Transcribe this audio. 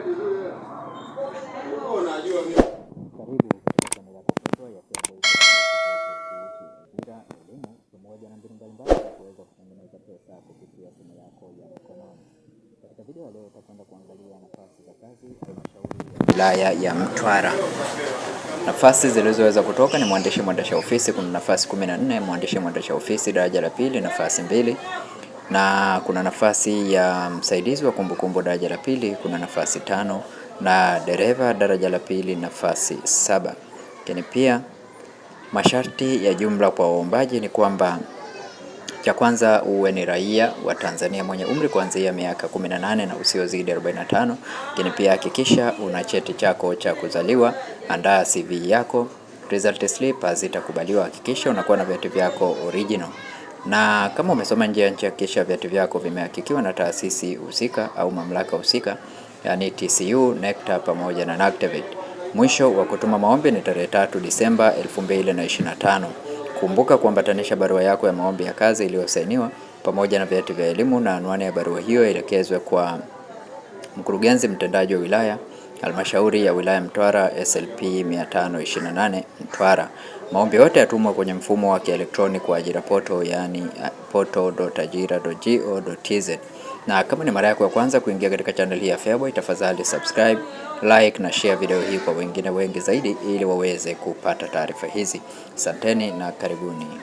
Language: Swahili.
ya ya wilaya ya Mtwara. Nafasi zilizoweza kutoka ni mwandishi mwendesha ofisi, kuna nafasi 14, mwandishi mwendesha ofisi daraja la pili, nafasi mbili na kuna nafasi ya msaidizi wa kumbukumbu daraja la pili, kuna nafasi tano na dereva daraja la pili nafasi saba. Lakini pia masharti ya jumla kwa waombaji ni kwamba cha kwanza uwe ni raia wa Tanzania mwenye umri kuanzia miaka 18 na usiozidi 45. Lakini pia hakikisha una cheti chako cha kuzaliwa, andaa CV yako, result slip hazitakubaliwa. Hakikisha unakuwa na vyeti vyako original. Na kama umesoma nje ya nchi, hakikisha vyeti vyako vimehakikiwa na taasisi husika au mamlaka husika, yani TCU, NECTA pamoja na NACTVET. Mwisho wa kutuma maombi ni tarehe tatu Disemba 2025. Kumbuka kuambatanisha barua yako ya maombi ya kazi iliyosainiwa pamoja na vyeti vya elimu, na anwani ya barua hiyo elekezwe kwa mkurugenzi mtendaji wa wilaya Halmashauri ya wilaya Mtwara SLP 528 Mtwara. Maombi yote yatumwa kwenye mfumo wa kielektroniki wa ajira poto, yaani eh, poto.ajira.go.tz. Na kama ni mara yako ya kwanza kuingia katika channel hii ya Feaboy, tafadhali subscribe, like na share video hii kwa wengine wengi zaidi, ili waweze kupata taarifa hizi. Asanteni na karibuni.